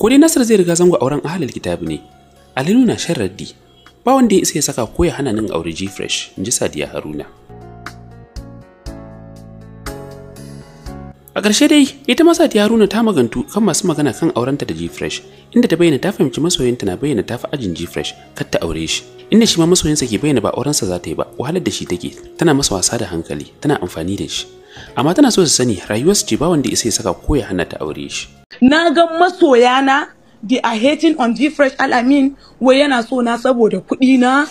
ko dai nasar zai riga zango auren ahalil kitabu ne alinu na shan raddi ba wanda ya isa ya saka ko ya hana nan aure ji fresh in ji sadiya haruna a ƙarshe dai ita ma sadiya haruna ta magantu kan masu magana kan aurenta da ji fresh inda ta bayyana ta fahimci masoyinta na bayyana ta fi ajin ji fresh kar ta aure shi inda shi ma masoyinsa ke bayyana ba aurensa za ta yi ba wahalar da shi take tana masa wasa da hankali tana amfani da shi amma tana so su sani rayuwarsu ce ba wanda isa ya saka ko ya ta aure shi na ga masoya na the a hating on the fresh alamin wai yana so na saboda kuɗi na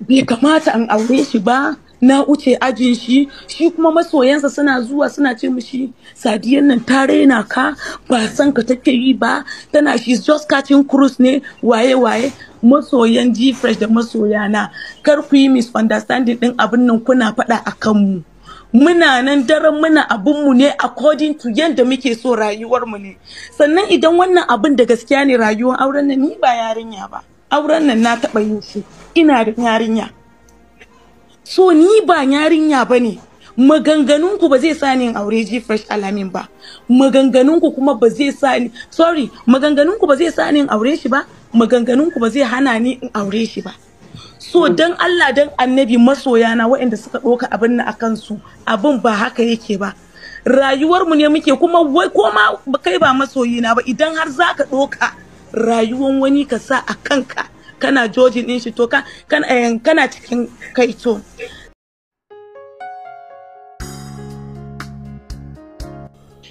bai kamata an aure shi ba na wuce ajin shi shi kuma masoyansa suna zuwa suna ce mishi sadiyan nan ta raina ka ba san ka take yi ba tana shi just catching cruise ne waye waye masoyan g fresh da masoyana kar ku yi misunderstanding din abin nan kuna faɗa a kanmu muna nan daren muna abinmu ne according to yadda muke so rayuwarmu ne sannan idan wannan abin da gaskiya ne rayuwar auren nan ni ba yarinya ba auren nan na taɓa yin shi ina da yarinya so ni ba yarinya ba ne maganganunku ba zai sa ni yin aure ji fresh alamin ba maganganunku kuma ba zai sa ni sorry maganganunku ba zai sa ni yin aure shi ba maganganunku ba zai hana ni in aure shi ba so mm. dan Allah dan annabi masoya na waɗanda suka ɗauka abin na a kansu, abin ba haka yake ba rayuwar mu ne muke kuma wai koma kai ba masoyi na ba idan har zaka ɗauka rayuwar wani ka sa a kanka kana jojin din shi to eh, kana cikin kaito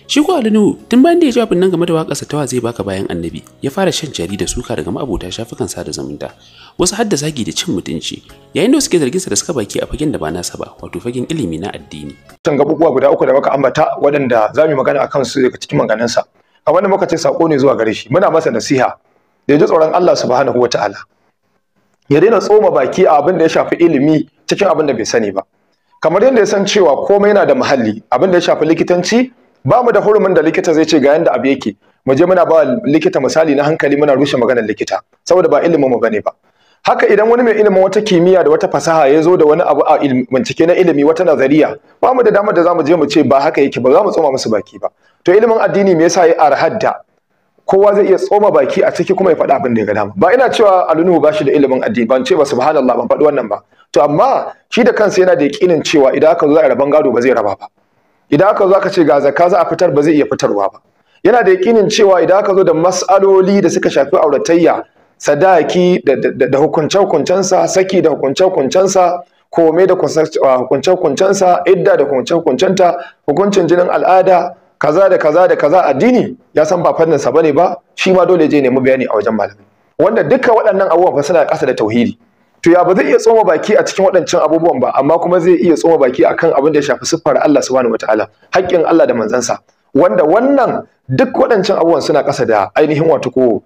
Shi ko Alinu tun bayan da ya jawabin nan game da waƙarsa ta zai baka bayan annabi ya fara shan jari da suka daga ma'abota shafukan sada zumunta wasu hadda zagi da cin mutunci yayin da suke zargin sa da suka baki a fagen da ba nasa ba wato fagen ilimi na addini. Can gabubuwa guda uku da muka ambata waɗanda za mu magana akan su daga cikin sa A wannan muka ce sako ne zuwa gare shi muna masa nasiha da ya ji tsoron Allah subhanahu wataala. Ya daina tsoma baki a abin da ya shafi ilimi cikin abin da bai sani ba. Kamar yadda ya san cewa komai yana da muhalli abin da ya shafi likitanci ba mu da hurumin da likita zai ce ga yanda abu yake mu je muna ba likita misali na hankali muna rushe maganar likita saboda ba ilimin mu bane ba haka idan wani mai ilimin wata kimiyya da wata fasaha ya zo da wani abu a bincike na ilimi wata nazariya ba mu da damar da zamu je mu ce ba haka yake ba za mu tsoma musu baki ba to ilimin addini me yasa ya arhadda kowa zai iya tsoma baki a ciki kuma ya faɗa abin da ya ga dama ba ina cewa alunuhu ba shi da ilimin addini ban ce ba subhanallah ban faɗi wannan ba to amma shi da kansa yana da yakinin cewa idan aka zo za a raban gado ba zai raba ba idan aka zo aka ce ga zakka za a fitar ba zai iya fitarwa ba yana da yakinin cewa idan aka zo da mas'aloli da suka shafi auratayya sadaki da hukunce sa saki da hukunce sa komai da ah, hukunce sa idda da hukunce ta hukuncin jinin al'ada kaza da kaza da kaza addini ya san ba fanninsa bane ba shi ma dole je nemi bayani a wajen malami wanda duka waɗannan abubuwan fa suna ƙasa da tauhidi to ya ba zai iya tsoma baki a cikin waɗancan abubuwan ba amma kuma zai iya tsoma baki akan abin da ya shafi siffar Allah subhanahu wataala haƙƙin Allah da manzansa wanda wannan duk waɗancan abubuwan suna ƙasa da ainihin wato ko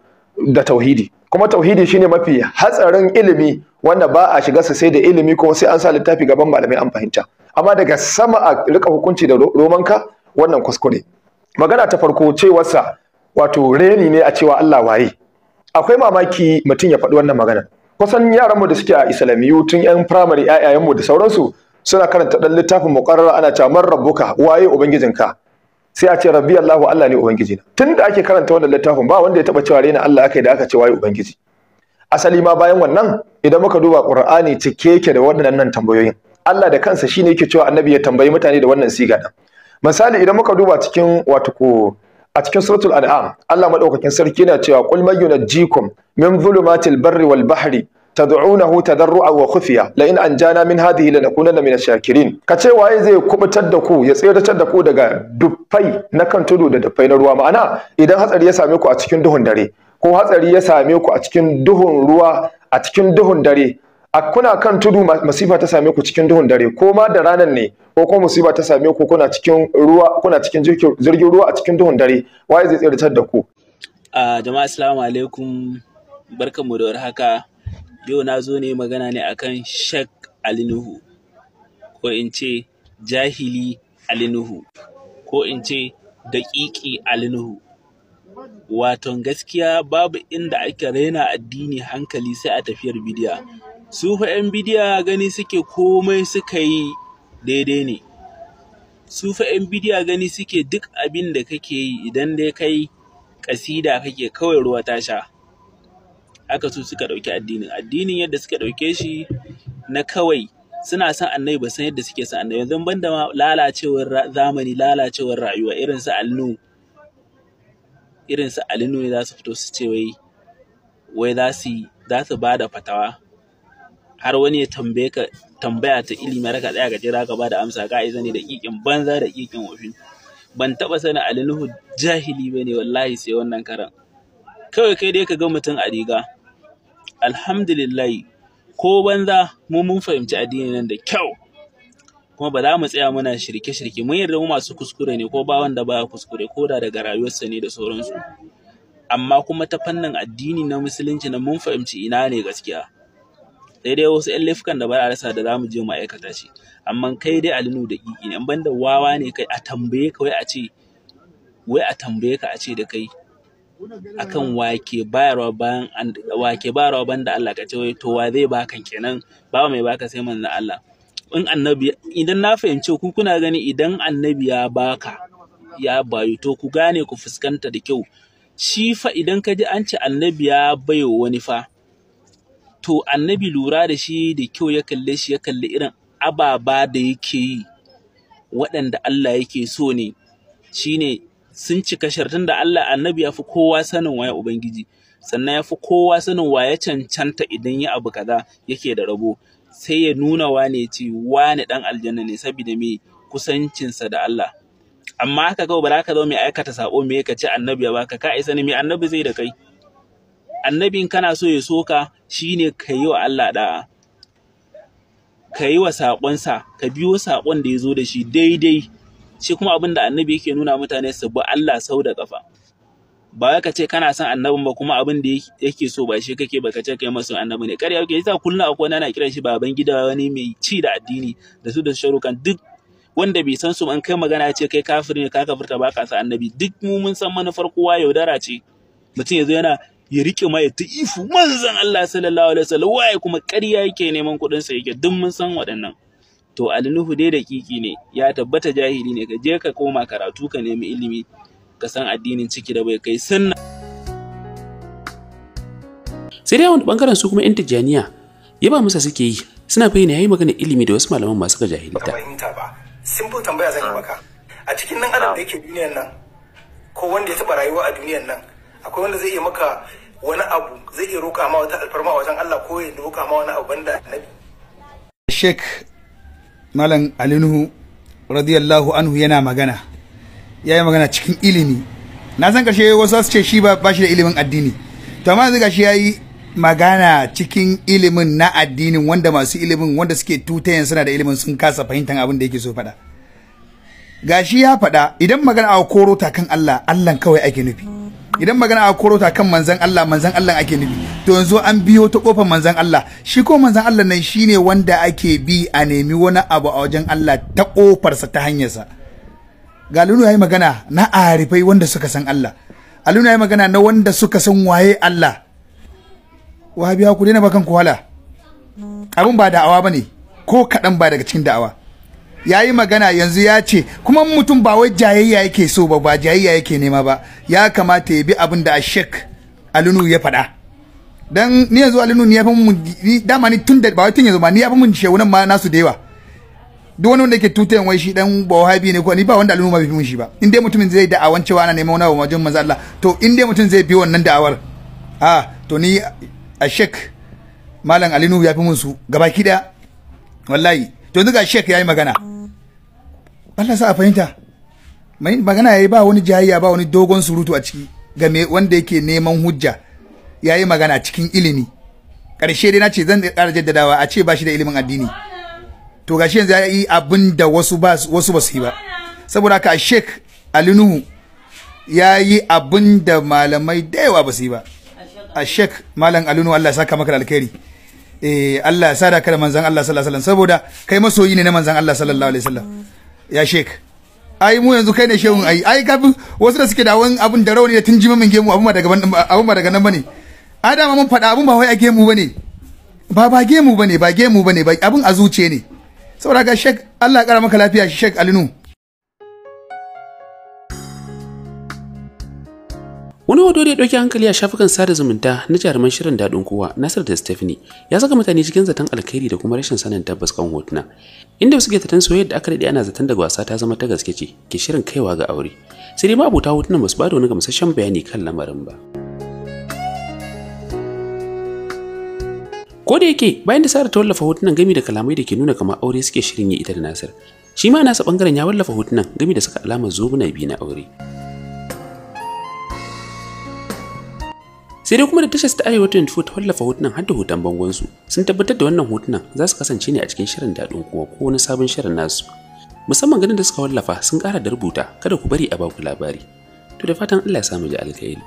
da tauhidi kuma tauhidi shine mafi hatsarin ilimi wanda ba a shiga sai da ilimi ko sai an sa littafi gaban malamai an fahimta amma daga sama a rika hukunci da romanka wannan kuskure magana ta farko cewarsa wato reni ne a cewa Allah waye akwai mamaki mutum ya faɗi wannan magana kusan yaranmu da suke a islamiyu tun yan firamare yayayenmu da sauransu suna karanta dan littafin muqarrar ana cewa man rabbuka waye ubangijinka sai a ce rabbi Allahu Allah ne ubangiji tunda ake karanta wannan littafin ba wanda ya taba cewa rena Allah akai da aka ce waye ubangiji asali ma bayan wannan idan muka duba Qur'ani cike yake da waɗannan tambayoyin Allah da kansa shine yake cewa annabi ya tambayi mutane da wannan siga din misali idan muka duba cikin wato ko a cikin suratul an'am Allah madaukakin sarki yana cewa qul may yunajjikum min dhulumatil barri wal bahri tad'unahu tadarru'a wa khufiya la in anjana min hadhihi lanakunanna min ash-shakirin ce waye zai kubutar da ku ya tsiratar da ku daga dufai na kan tudu da dufai na ruwa ma'ana idan hatsari ya same ku a cikin duhun dare ko hatsari ya same ku a cikin duhun ruwa a cikin duhun dare a kuna kan tudu masifa ta same ku cikin duhun dare ko ma da ranar ne ko kuma musiba ta same ku kuna cikin ruwa kuna cikin jirgin ruwa a cikin duhun dare waye zai tsiritar da ku A jama'a assalamu alaikum barkanmu da warhaka yau na zo ne magana ne akan shak alinuhu ko in ce jahili alinuhu ko in ce daƙiƙi alinuhu waton gaskiya babu inda ake raina addini hankali sai a tafiyar bidiya su fa 'yan bidiya gani suke komai suka yi daidai ne su fa 'yan bidiya gani suke duk abin da kake yi idan dai kai kasida kake kawai ruwa ta sha Haka su suka ɗauki addinin addinin yadda suka ɗauke shi na kawai suna san annabi ba san yadda suke son annabi yanzu banda ma lalacewar zamani lalacewar rayuwa irin su alnu irin su alnu ne za su fito su ce wai wai za su ba da fatawa har wani ya tambaye ka tambaya ta ilimi raka tsaya ga jira ka da amsa ka aiza ne da kikin banza da kikin wafi ban taba sanin alinuhu jahili ba ne, wallahi sai wannan karan kawai kai dai ka ga mutum a riga alhamdulillah ko banza mu mun fahimci addini nan da kyau kuma ba za mu tsaya muna shirke-shirke mun yarda mu masu kuskure ne ko ba wanda baya kuskure ko da daga rayuwarsa ne da sauransu amma kuma ta fannin addini na musulunci na mun fahimci ina ne gaskiya sai dai wasu 'yan laifukan da ba a rasa da za mu je mu aikata shi amma kai dai alinu da kiki ne ban da wawa ne kai a tambaye ka wai a ce wai a tambaye ka a ce da kai akan wake bayarwa bayan wake bayarwa banda Allah ka ce wai to wa zai baka kenan ba mai baka sai manzon Allah in annabi idan na fahimci ku kuna gani idan annabi ya baka ya bayu to ku gane ku fuskanta da kyau shi fa idan ka ji an ce annabi ya baiwa wani fa to annabi lura da shi da kyau ya kalle shi ya kalli irin ababa da yake yi waɗanda Allah yake so ne shine sun cika shartun da Allah annabi ya fi kowa sanin waya ubangiji sannan ya fi kowa sanin waye cancanta idan ya abu kaza yake da rabo sai ya nuna wane ce wane dan aljanna ne saboda me kusancinsa da Allah amma haka kawai ba za ka zo mai aikata sako me ka ci annabi ya baka ka isa ne me annabi zai da kai annabin kana so ya soka shine ka yi wa Allah da'a ka yi wa saƙonsa ka biyo saƙon da ya zo da shi daidai shi kuma abin da annabi yake nuna mutane su bi Allah sau da ƙafa ba ka ce kana son annabin ba kuma abin da yake so ba shi kake ba ka ce kai masu annabi ne ƙarya yake yasa kullum akwai wani ana kiran shi baban gida wani mai ci da addini da su da sharukan duk wanda bai san su an kai magana ce kai kafir ne ka kafirta ba ka sa annabi duk mu mun san manufar kowa yaudara ce mutum ya yana ya rike ma ya ta ifu manzan Allah sallallahu alaihi wasallam waye kuma ƙarya yake neman kuɗin sa yake duk mun san waɗannan to alnuhu dai dakiki ne ya tabbata jahili ne ka je ka koma karatu ka nemi ilimi ka san addinin ciki da bai kai sunna sai dai wani bangaren su kuma yan ya yaba musa suke yi suna yana yayi magana ilimi da wasu malaman masu ga jahilta ba simple tambaya zan yi ah. maka a cikin nan adam da yake duniyar nan ko wanda ya taba rayuwa a duniyar nan akwai wanda zai iya maka wani abu zai iya roƙa ma wata alfarma a wajen Allah ko ya roƙa ma wani abu banda annabi Sheikh Malam Alinuhu radiyallahu anhu yana magana ya yi magana cikin ilimi na san kashe wasu su ce shi ba shi da ilimin addini to amma yanzu gashi ya yi magana cikin ilimin na addinin wanda masu ilimin wanda suke tutayen suna da ilimin sun kasa fahimtar abin da yake so faɗa gashi ya faɗa idan magana a koro ta kan Allah Allah kawai ake nufi idan magana a korota kan manzan Allah manzan Allah ake nufi to yanzu an biyo ta kofar manzan Allah shi ko manzan Allah nan shine wanda ake bi a nemi wani abu a wajen Allah ta kofarsa ta hanyarsa galunu yayi magana na arifai wanda suka san Allah aluna yayi magana na wanda suka san waye Allah wahabiya ku daina bakan ku wala Abun ba da'awa bane ko kaɗan ba daga cikin da'awa ya yi magana yanzu ya ce kuma mutum ba wai jayayya yake so ba ba jayayya yake nema ba ya kamata ya bi abin da ashek alunu ya faɗa dan ni yanzu alunu ni ya fi mun dama ni tun da ba wai tun yanzu ba ni ya fi mun shewunan ma nasu da yawa duk wani wanda yake tutayen wai shi dan bawahabi ne ko ni ba wanda alunu ma bai fi mun shi ba in dai mutumin zai da'awan cewa ana neman wani abu wajen manzo Allah to in dai mutum zai bi wannan da'awar a to ni ashek malam alinu ya fi mun su gabaki daya wallahi to ga shek yayi magana Allah sa a fahimta magana yayi ba wani jayayya ba wani dogon surutu a ciki ga me wanda yake neman hujja yayi magana cikin ilimi karshe dai nace zan ƙara jaddadawa a ce ba shi da ilimin addini to gashi yanzu yayi abin da wasu ba wasu su yi ba saboda haka Sheikh Ali Nuhu yayi abin da malamai da yawa ba su yi ba a Sheikh Malam Ali Nuhu Allah ya saka maka alkhairi Eh, Allah ya sada ka da manzan Allah sallallahu alaihi wasallam saboda kai masoyi ne na manzan Allah sallallahu alaihi wasallam ya sheikh ai mu yanzu kai ne shehun ai ai kafin wasu da suke da wani abun da rauni da tun mun gemu abun ba daga abun ba daga nan bane adama mun faɗa abun ba wai a gemu bane ba ba gemu bane ba gemu bane ba abun a zuciye ne saboda ga sheikh Allah ya kara maka lafiya shi sheikh Alinu Wani hoto da ya ɗauki hankali a shafukan sada zumunta na jaruman shirin daɗin kowa Nasir da Stephanie ya saka mutane cikin zaton alkhairi da kuma rashin sanin tabbas kan hotuna. Inda suke zaton soyayya da aka daɗe ana zaton daga wasa ta zama ta gaske ce ke shirin kaiwa ga aure. Sai dai abota hotunan ba su ba da wani gamsasshen bayani kan lamarin ba. Ko da yake bayan da Sara ta wallafa hotunan gami da kalamai da ke nuna kamar aure suke shirin yi ita da Nasir. Shi ma nasa bangaren ya wallafa hotunan gami da saka alamar zobuna biyu na aure. sai dai kuma da tashar ta arewa 24 ta wallafa hotunan har da hoton bangonsu sun tabbatar da wannan hotunan za su kasance ne a cikin shirin daɗin kuwa ko wani sabon shirin nasu musamman ganin da suka wallafa sun ƙara da rubuta kada ku bari a baku labari to da fatan Allah ya samu ji alkhairi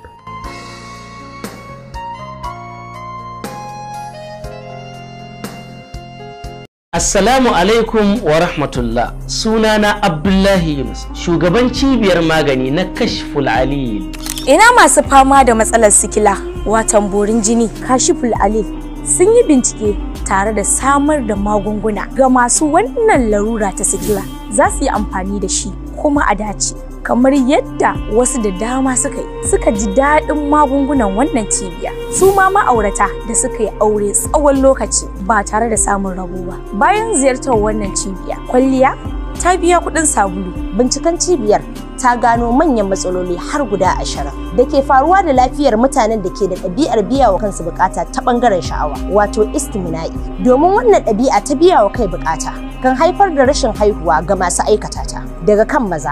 Assalamu alaikum wa rahmatullah sunana Abdullahi Yunus shugaban cibiyar magani na Kashful Alil. Ina masu fama da matsalar sikila watan borin jini Kashful Alil sun yi bincike tare da samar da magunguna ga masu wannan larura ta sikila za su yi amfani da shi kuma a dace. kamar yadda wasu da dama suka yi suka ji daɗin magungunan wannan cibiya su ma ma'aurata da suka yi aure tsawon lokaci ba tare da samun rabo ba bayan ziyartar wannan cibiya kwalliya ta biya kuɗin sabulu binciken cibiyar ta gano manyan matsaloli har guda ashirin da ke faruwa da lafiyar mutanen da ke da ɗabi'ar biya wa kansu bukata ta ɓangaren sha'awa wato istimina'i domin wannan ɗabi'a ta biya wa kai bukata kan haifar da rashin haihuwa ga masu aikata ta daga kan maza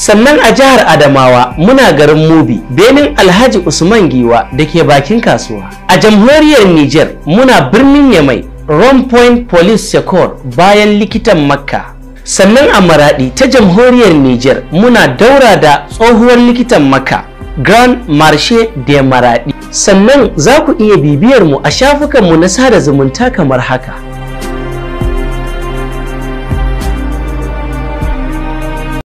sannan a jihar adamawa muna garin mubi benin alhaji usman giwa da ke bakin kasuwa a jamhuriyar niger muna birnin yamai Ron Point Police Secor bayan likitan Makka. Sannan a Maraɗi ta jamhuriyar Nijar muna daura da tsohuwar likitan Makka Grand Marche de Maraɗi. Sannan za ku iya bibiyar mu a shafukanmu na sada zumunta kamar haka.